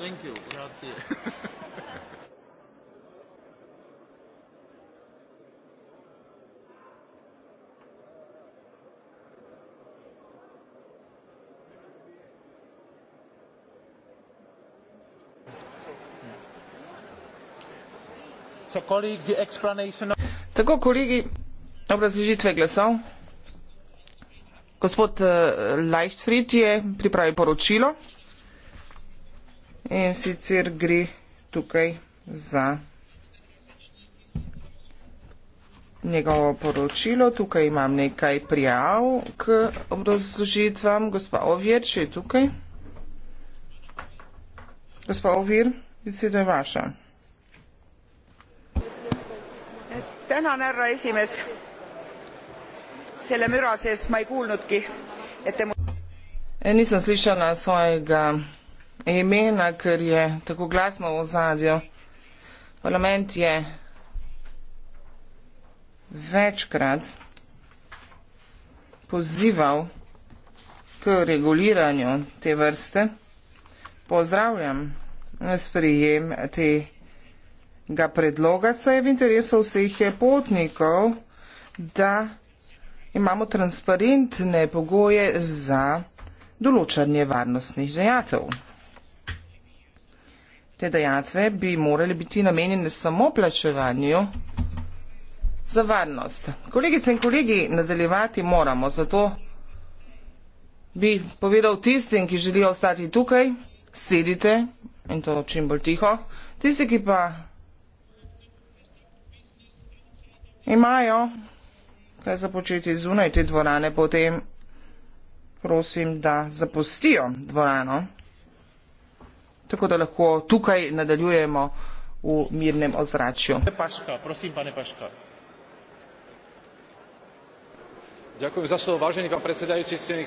Thank you. Grazie. Tako, kolegi, obrazložitve glasov. Gospod eh, Leichtfried je pripravil poročilo in sicer gre tukaj za njegovo poročilo. Tukaj imam nekaj prijav k obrazložitvam. Gospa Ovir, če je tukaj. Gospa Ovir, beseda je vaša. tänan, härra esimees. selle müra sees ma ei kuulnudki, et te mu eh,. nii sa siis ei ole soojaga imena, ker je tako glasno v ozadju. Parlament je večkrat pozival k reguliranju te vrste. Pozdravljam sprijem tega predloga, saj je v interesu vseh potnikov, da imamo transparentne pogoje za določanje varnostnih dejatev. Te dajatve bi morali biti namenjene samo plačevanju za varnost. Kolegice in kolegi, nadaljevati moramo, zato bi povedal tistim, ki želijo ostati tukaj, sedite in to čim bolj tiho. Tisti, ki pa imajo kaj započeti zunaj te dvorane, potem prosim, da zapustijo dvorano tako da lahko tukaj nadaljujemo v mirnem ozračju. Ne paška, prosim, pane Paška. Ďakujem za slovo, vážený pán predsedajúci, stejný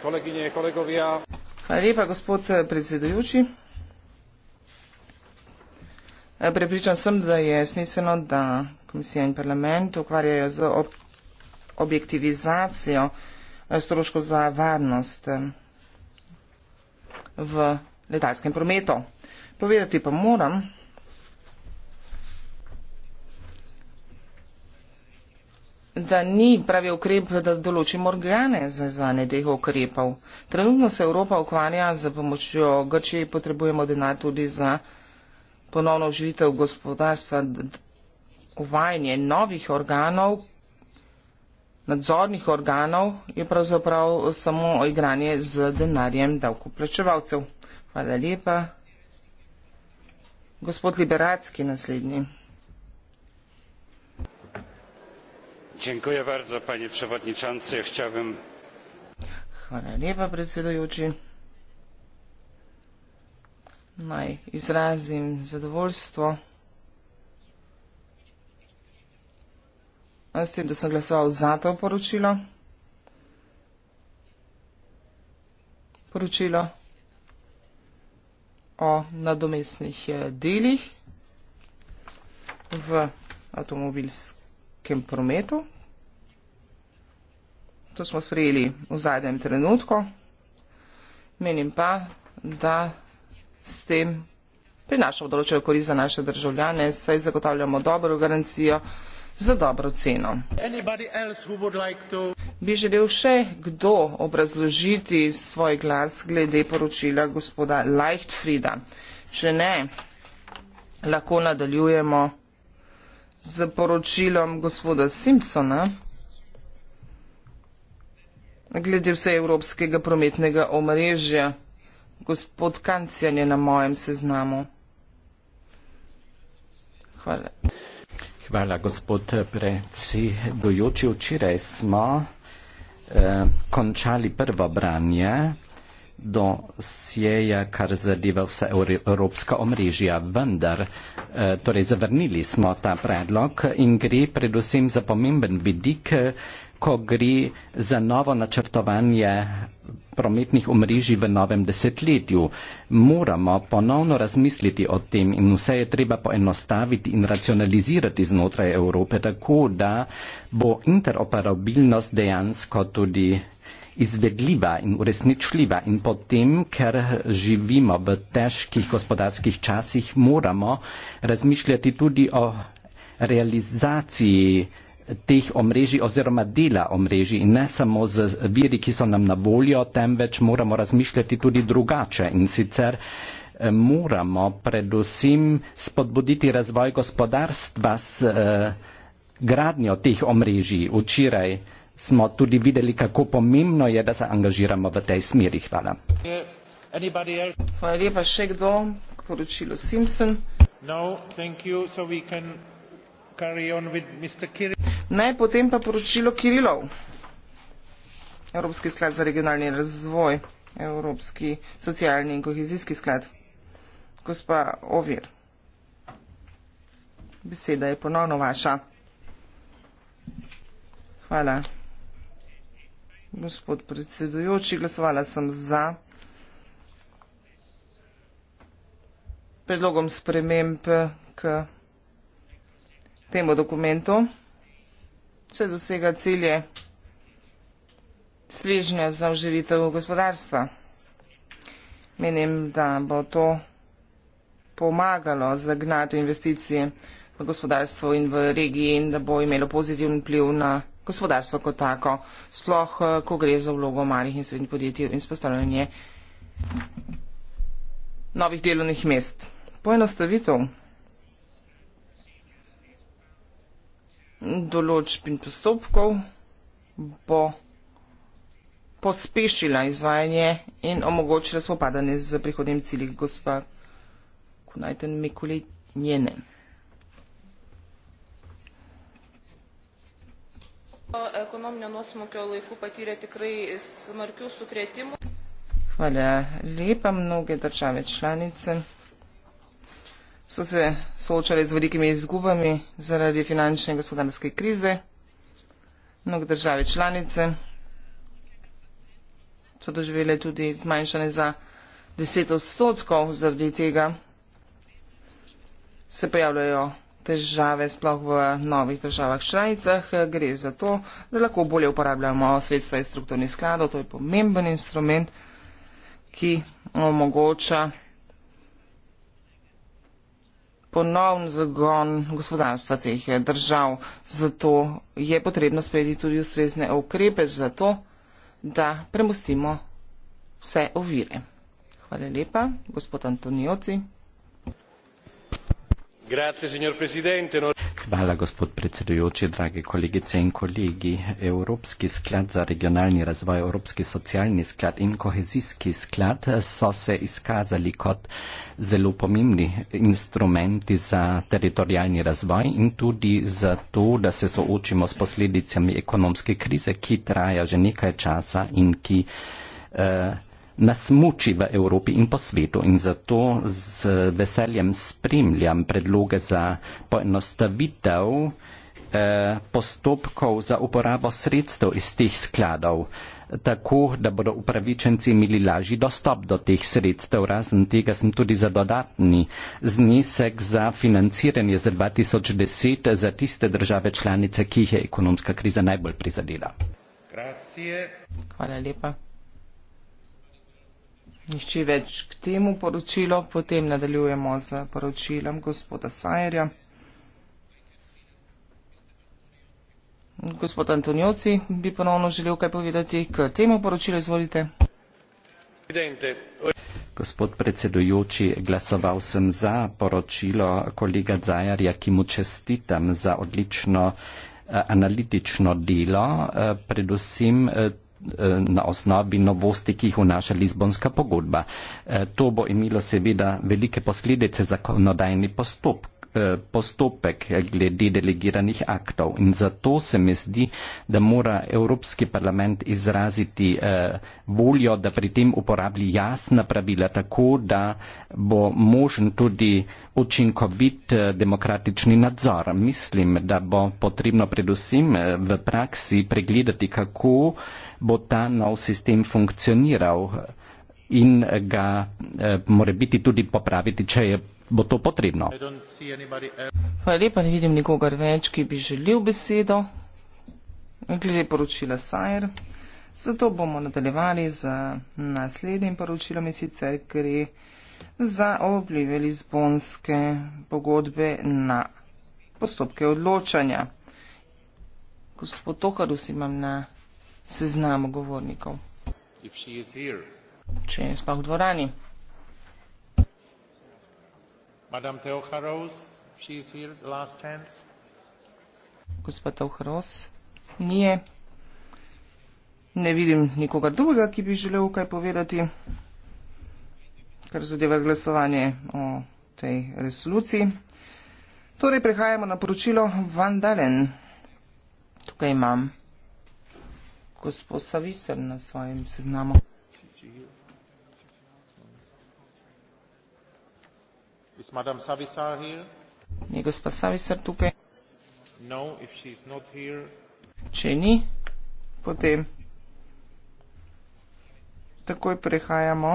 kolegyne, kolegovia. Hvala lepa, gospod eh, predsedujúci. Eh, prepričan sem, da je smiselno, da komisija in parlament ukvarjajo z objektivizacijo eh, stroško za varnost v letalskem prometu. Povedati pa moram, da ni pravi ukrep, da določimo organe za izvane teh ukrepov. Trenutno se Evropa ukvarja z pomočjo Grčije, potrebujemo denar tudi za ponovno oživitev gospodarstva, uvajanje novih organov, nadzornih organov je pravzaprav samo igranje z denarjem davkoplačevalcev. Hvala lepa. Gospod Liberacki, naslednji. Dziękuję bardzo, panie przewodniczący. Chciałbym. Hvala lepa, predsedujoči. Naj izrazim zadovoljstvo s tem, da sem glasoval za to poročilo. Poročilo o nadomestnih eh, delih v avtomobilskem prometu. To smo sprejeli v zadnjem trenutku. Menim pa, da s tem prinašamo določeno korist za naše državljane, saj zagotavljamo dobro garancijo za dobro ceno. Bi želel še kdo obrazložiti svoj glas glede poročila gospoda Leichtfrieda? Če ne, lahko nadaljujemo z poročilom gospoda Simpsona glede vseevropskega prometnega omrežja. Gospod Kancijan je na mojem seznamu. Hvala. Hvala, gospod predsedujoči. Včeraj smo Eh, končali prvo branje do sjeja, kar zadeva vse evropska omrežja. Vendar, eh, torej zavrnili smo ta predlog in gre predvsem za pomemben vidik, ko gre za novo načrtovanje prometnih omrežij v novem desetletju. Moramo ponovno razmisliti o tem in vse je treba poenostaviti in racionalizirati znotraj Evrope, tako da bo interoperabilnost dejansko tudi izvedljiva in uresničljiva in potem, ker živimo v težkih gospodarskih časih, moramo razmišljati tudi o realizaciji teh omrežij oziroma dela omrežij in ne samo z viri, ki so nam na voljo, temveč moramo razmišljati tudi drugače in sicer eh, moramo predvsem spodbuditi razvoj gospodarstva s eh, gradnjo teh omrežij. Včeraj smo tudi videli, kako pomembno je, da se angažiramo v tej smeri. Hvala. Hvala lepa še kdo, k poročilu Simpson. No, Ne, potem pa poročilo Kirilov. Evropski sklad za regionalni razvoj, Evropski socialni in kohezijski sklad. Gospa Ovir, beseda je ponovno vaša. Hvala. Gospod predsedujoči, glasovala sem za. Predlogom sprememb k temu dokumentu se dosega cilje svežnja za oživitev gospodarstva. Menim, da bo to pomagalo zagnati investicije v gospodarstvo in v regiji in da bo imelo pozitivn pliv na gospodarstvo kot tako, sploh eh, ko gre za vlogo malih in srednjih podjetij in spostavljanje novih delovnih mest. Poenostavitev. določb in postopkov bo pospešila izvajanje in omogočila spopadanje z prihodnjim cilji gospa Kunajten Mikulej njene. Hvala lepa, mnoge države članice so se soočali z velikimi izgubami zaradi finančne in gospodarske krize. Mnogo države članice so doživele tudi zmanjšanje za 10 odstotkov zaradi tega se pojavljajo težave sploh v novih državah članicah. Gre za to, da lahko bolje uporabljamo sredstva iz strukturnih skladov. To je pomemben instrument, ki omogoča ponovn zagon gospodarstva teh držav. Zato je potrebno sprejeti tudi ustrezne ukrepe za to, da premustimo vse ovire. Hvala lepa, gospod Antonioci. Grazie, signor Presidente. Hvala, gospod predsedujoči, dragi kolegice in kolegi. Evropski sklad za regionalni razvoj, Evropski socialni sklad in kohezijski sklad so se izkazali kot zelo pomembni instrumenti za teritorijalni razvoj in tudi za to, da se soočimo s posledicami ekonomske krize, ki traja že nekaj časa in ki. Uh, nas muči v Evropi in po svetu in zato z veseljem spremljam predloge za poenostavitev eh, postopkov za uporabo sredstev iz teh skladov, tako da bodo upravičenci imeli lažji dostop do teh sredstev. Razen tega sem tudi za dodatni znesek za financiranje za 2010 za tiste države članice, ki jih je ekonomska kriza najbolj prizadela. Hvala lepa nišče več k temu poročilu, potem nadaljujemo z poročilom gospoda Sajerja. Gospod Antonioci bi ponovno želel kaj povedati k temu poročilu, izvolite. Gospod predsedujoči, glasoval sem za poročilo kolega Zajarja, ki mu čestitam za odlično eh, analitično delo, eh, predvsem eh, Eh, na osnovi novosti, ki jih vnaša Lizbonska pogodba. Eh, to bo imelo seveda velike posledice zakonodajni postopki. Eh, postopek glede delegiranih aktov. In zato se mi zdi, da mora Evropski parlament izraziti eh, voljo, da pri tem uporabi jasna pravila, tako da bo možen tudi učinkovit eh, demokratični nadzor. Mislim, da bo potrebno predvsem v praksi pregledati, kako bo ta nov sistem funkcioniral in ga eh, more biti tudi popraviti, če je bo to potrebno. Hvala lepa, ne vidim nikogar več, ki bi želel besedo. Glede poročila Sajer. Zato bomo nadaljevali z naslednjim poročilom in sicer gre za obljube Lizbonske pogodbe na postopke odločanja. Gospod Toharus imam na seznamu govornikov. Če je spav v dvorani. Gospa Tauharos? Nije. Ne vidim nikoga drugega, ki bi želel kaj povedati, kar zadeva glasovanje o tej resoluciji. Torej, prehajamo na poročilo Van Dalen. Tukaj imam gospod Savisr na svojem seznamu. She's here. Je gospa Savisar tukaj? No, here, Če ni, potem takoj prehajamo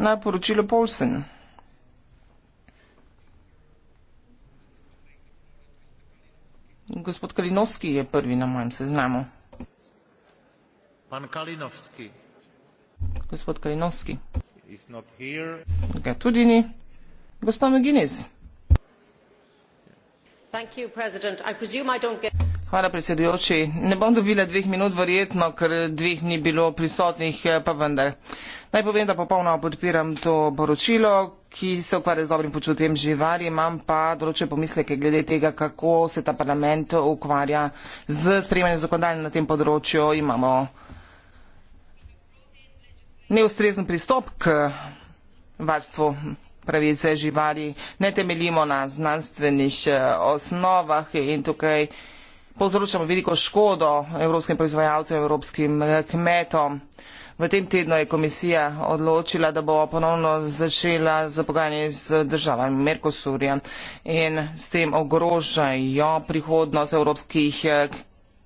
na poročilo Polsen. Gospod Kalinovski je prvi na mojem seznamu. Pan Kalinovski. Gospod Kalinovski. Ga tudi ni ne bom dobila dveh minut verjetno ker dveh ni bilo prisotnih eh, pa vendar naj povem da popolnoma podpiram to poročilo ki se ukvarja z dobrim počutjem živali imam pa določene pomisleke glede tega kako se ta parlament ukvarja z sprejemanjem zakonodaje na tem področju imamo neustrezen pristop k varstvu pravi za živali, ne temeljimo na znanstvenih eh, osnovah in tukaj povzročamo veliko škodo evropskim proizvajalcem, evropskim eh, kmetom. V tem tednu je komisija odločila, da bo ponovno začela za pogajanje z državami Merkosurja in s tem ogrožajo prihodnost evropskih eh,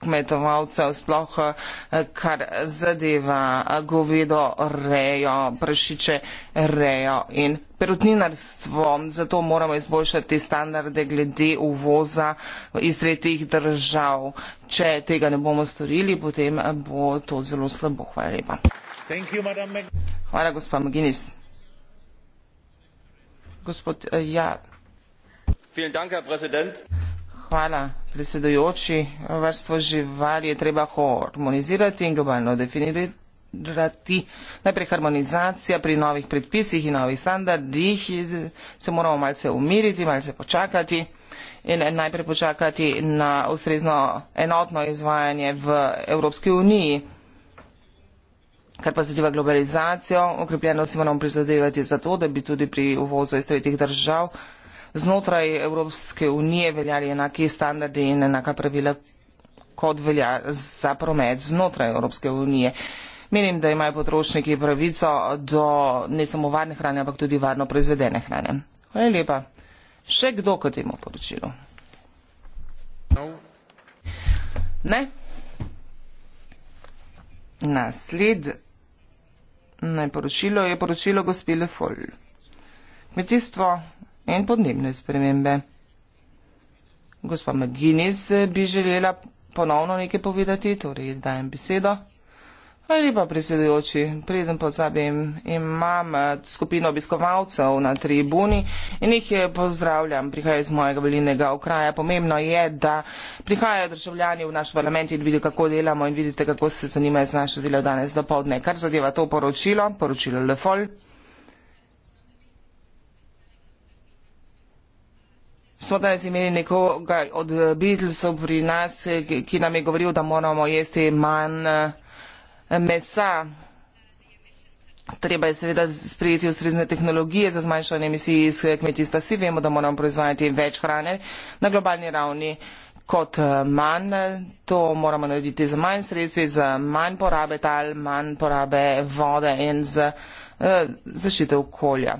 kmetovalcev, sploh eh, kar zadeva eh, govedo rejo, prašiče rejo in perutninarstvo. Zato moramo izboljšati standarde glede uvoza iz tretjih držav. Če tega ne bomo storili, potem eh, bo to zelo slabo. Hvala lepa. You, Hvala, gospod Maginis. Gospod, ja. Vielen Dank, Herr Präsident. Hvala, predsedujoči. Vrstvo živali je treba harmonizirati in globalno definirati. Najprej harmonizacija pri novih predpisih in novih standardih. Se moramo malce umiriti, malce počakati in najprej počakati na ustrezno enotno izvajanje v Evropski uniji. Kar pa zadeva globalizacijo, okrepljeno si moramo prizadevati za to, da bi tudi pri uvozu iz tretjih držav znotraj Evropske unije veljali enake standardi in enaka pravila, kot velja za promet znotraj Evropske unije. Menim, da imajo potrošniki pravico do ne samo varne hrane, ampak tudi varno proizvedene hrane. Hvala lepa. Še kdo k temu poročilu? No. Ne? Naslednje poročilo je poročilo gospe Lefol. Kmetijstvo, in podnebne spremembe. Gospa McGuinness eh, bi želela ponovno nekaj povedati, torej dajem besedo. Ali pa prisedujoči, preden pozabim, imam eh, skupino obiskovalcev na tribuni in jih je eh, pozdravljam, prihajajo iz mojega velinega okraja. Pomembno je, da prihajajo državljani v naš parlament in vidijo, kako delamo in vidite, kako se zanimajo z naše delo danes do povdne. Kar zadeva to poročilo, poročilo Lefol. smo danes imeli nekoga od Beatlesov pri nas, ki nam je govoril, da moramo jesti manj eh, mesa. Treba je seveda sprejeti ustrezne tehnologije za zmanjšanje emisij iz eh, kmetijstva. Vsi vemo, da moramo proizvajati več hrane na globalni ravni kot eh, manj. To moramo narediti za manj sredstvi, za manj porabe tal, manj porabe vode in za zaščite okolja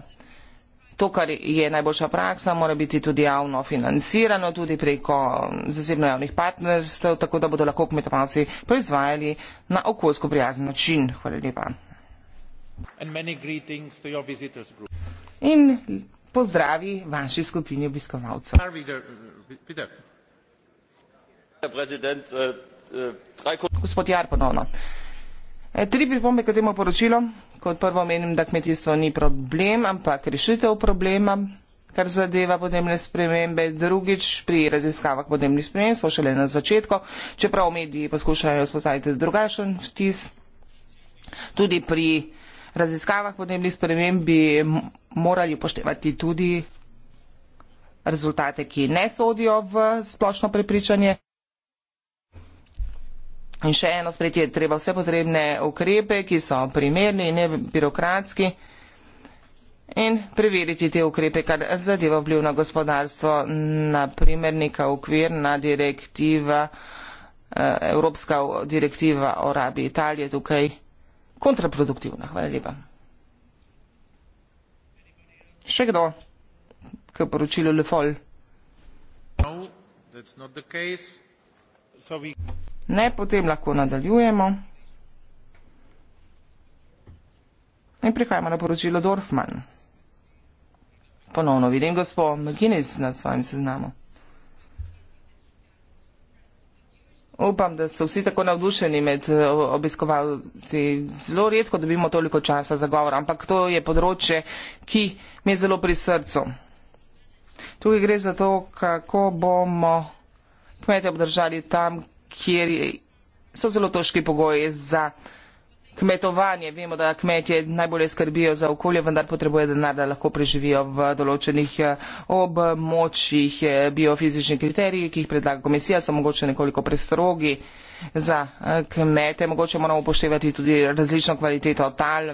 to, kar je najboljša praksa, mora biti tudi javno financirano, tudi preko zasebno javnih partnerstv, tako da bodo lahko kmetovalci proizvajali na okoljsko prijazen način. Hvala lepa. In pozdravi vaši skupini obiskovalcev. Äh, äh, Gospod Jar ponovno. E, tri pripombe k temu poročilu. Kot prvo menim, da kmetijstvo ni problem, ampak rešitev problema, kar zadeva podnebne spremembe. Drugič, pri raziskavah podnebnih sprememb smo šele na začetku, čeprav mediji poskušajo spostaviti drugačen vtis. Tudi pri raziskavah podnebnih sprememb bi morali upoštevati tudi rezultate, ki ne sodijo v splošno prepričanje. In še eno spretje, treba vse potrebne ukrepe, ki so primerni in ne birokratski, in preveriti te ukrepe, kar zadeva vpliv na gospodarstvo, na primer neka okvirna direktiva, eh, evropska direktiva o rabi Italije tukaj kontraproduktivna. Hvala lepa. Še kdo? K poročilu Le Fol. No, ne, potem lahko nadaljujemo. In prihajamo na poročilo Dorfman. Ponovno vidim gospod McGinnis na svojem seznamu. Upam, da so vsi tako navdušeni med eh, obiskovalci. Zelo redko dobimo toliko časa za govor, ampak to je področje, ki mi je zelo pri srcu. Tukaj gre za to, kako bomo kmete obdržali tam, kjer so zelo težki pogoji za kmetovanje. Vemo, da kmetje najbolje skrbijo za okolje, vendar potrebuje denar, da lahko preživijo v določenih eh, območjih. Eh, biofizični kriteriji, ki jih predlaga komisija, so mogoče nekoliko prestrogi za eh, kmete. Mogoče moramo upoštevati tudi različno kvaliteto tal,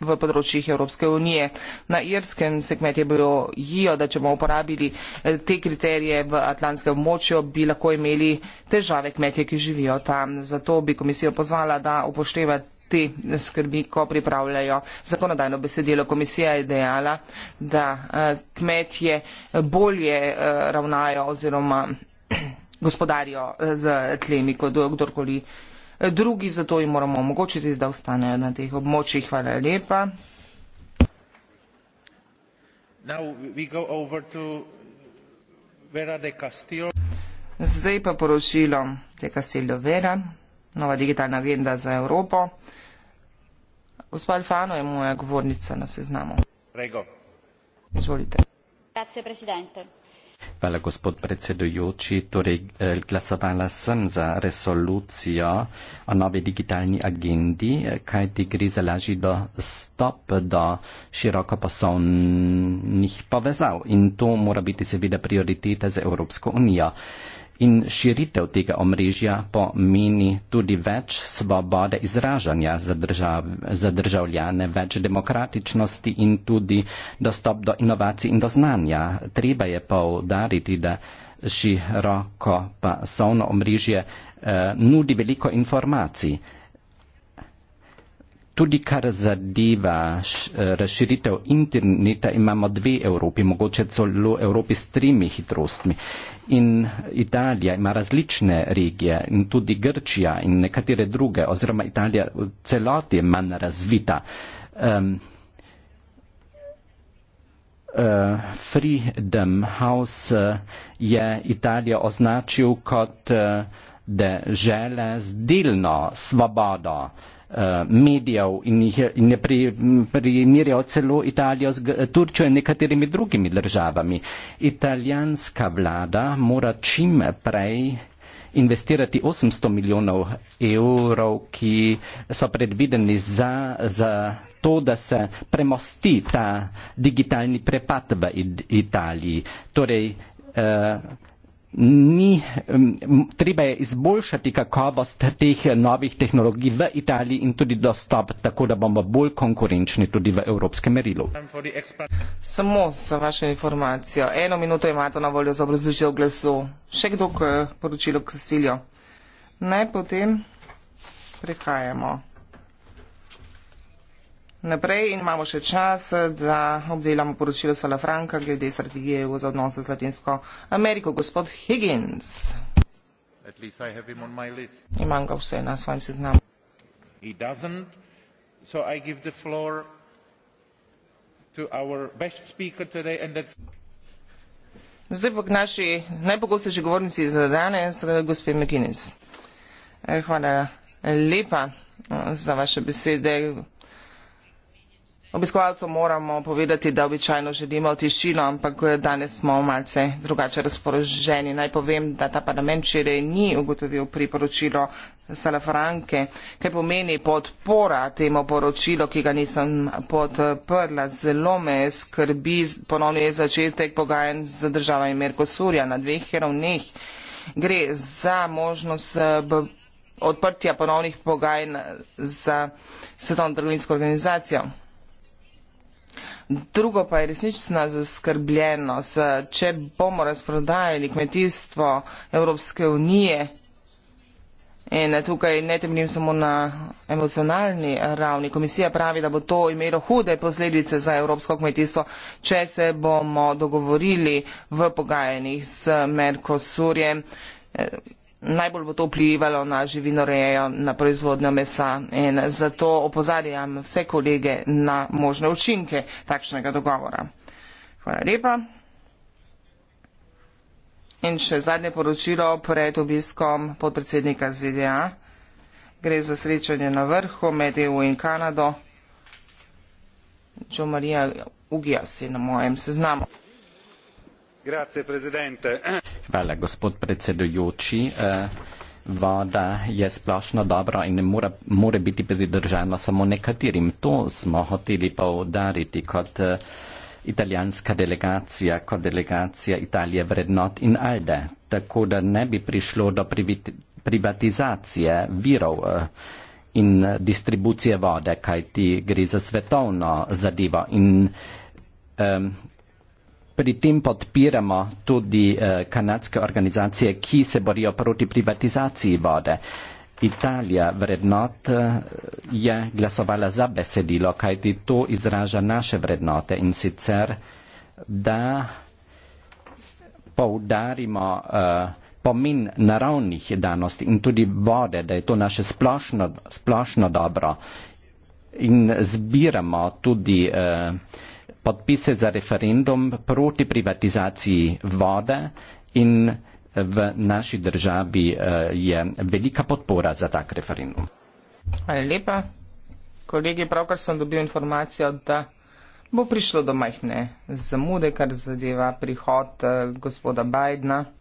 v področjih Evropske unije. Na irskem segment je bilo jijo, da če bomo uporabili eh, te kriterije v atlantskem območju, bi lahko imeli težave kmetje, ki živijo tam. Zato bi komisijo pozvala, da upošteva te skrbi, ko pripravljajo zakonodajno besedilo. Komisija je dejala, da eh, kmetje bolje eh, ravnajo oziroma gospodarijo z tlemi kot kdorkoli drugi zato jim moramo omogočiti, da ostanejo na teh območjih. Hvala lepa. Zdaj pa poročilo te Castillo Vera, nova digitalna agenda za Evropo. Gospod Alfano je moja govornica na seznamu. Izvolite. Grazie, Hvala, gospod predsedujoči. Torej, eh, glasovala sem za resolucijo o novi digitalni agendi, eh, kajti gre za lažji dostop do širokoposovnih povezav. In to mora biti seveda prioriteta za Evropsko unijo in širitev tega omrežja pomeni tudi več svobode izražanja za, držav, za državljane, več demokratičnosti in tudi dostop do inovacij in do znanja. Treba je poudariti, da široko pasovno omrežje eh, nudi veliko informacij tudi kar zadeva eh, razširitev interneta, imamo dve Evropi, mogoče celo Evropi s tremi hitrostmi. In Italija ima različne regije in tudi Grčija in nekatere druge, oziroma Italija v celoti je manj razvita. Um, uh, Freedom House eh, je Italijo označil kot uh, da žele z delno svobodo. Eh, medijev in jih in je pri, primerjal celo Italijo z Turčjo in nekaterimi drugimi državami. Italijanska vlada mora čim prej investirati 800 milijonov evrov, ki so predvideni za, za to, da se premosti ta digitalni prepad v Italiji. Torej, eh, ni, treba je izboljšati kakovost teh novih tehnologij v Italiji in tudi dostop, tako da bomo bolj konkurenčni tudi v evropskem merilu. Samo za vašo informacijo, eno minuto imate na voljo za obrazložitev glasu. Še kdo k poročilu k Silju? Ne, potem prihajamo naprej in imamo še čas, da obdelamo poročilo Salafranka glede strategije EU za odnose z Latinsko Ameriko. Gospod Higgins. Imam ga vse na svojem seznamu. Zdaj pa k naši najpogostejši govornici za danes, gospod McGuinness. Eh, hvala lepa eh, za vaše besede. Obiskovalcem moramo povedati, da običajno želimo tišino, ampak danes smo malce drugače razpoloženi. Naj povem, da ta parlament včeraj ni ugotovil priporočilo Salafranke, kaj pomeni podpora temu poročilu, ki ga nisem podprla. Zelo me skrbi ponovni začetek pogajanj z državami Merkosurja na dveh ravneh. Gre za možnost odprtja ponovnih pogajanj za svetovno trgovinsko organizacijo. Drugo pa je resnična zaskrbljenost. Če bomo razprodajali kmetijstvo Evropske unije in tukaj ne temnim samo na emocionalni ravni, komisija pravi, da bo to imelo hude posledice za evropsko kmetijstvo, če se bomo dogovorili v pogajanjih s Merkosurjem najbolj bo to vplivalo na živinorejo, na proizvodnjo mesa in zato opozarjam vse kolege na možne učinke takšnega dogovora. Hvala lepa. In še zadnje poročilo pred obiskom podpredsednika ZDA. Gre za srečanje na vrhu med EU in Kanado. Čo Marija Ugijas je na mojem seznamu hvala gospod predsedujoči eh, voda je splošno dobro in mora, mora biti pridržana samo nekaterim to smo hoteli poudariti kot eh, italijanska delegacija kot delegacija italije vrednot in alde tako da ne bi prišlo do privatizacije virov eh, in distribucije vode kajti gre za svetovno zadevo in um, Pri tem podpiramo tudi eh, kanadske organizacije, ki se borijo proti privatizaciji vode. Italija vrednot eh, je glasovala za besedilo, kajti to izraža naše vrednote in sicer, da poudarimo uh, eh, pomen naravnih danosti in tudi vode, da je to naše splošno, splošno dobro in zbiramo tudi uh, podpise za referendum proti privatizaciji vode in v naši državi eh, je velika podpora za tak referendum. Hvala lepa. Kolegi, pravkar sem dobil informacijo, da bo prišlo do majhne zamude, kar zadeva prihod eh, gospoda Bidna.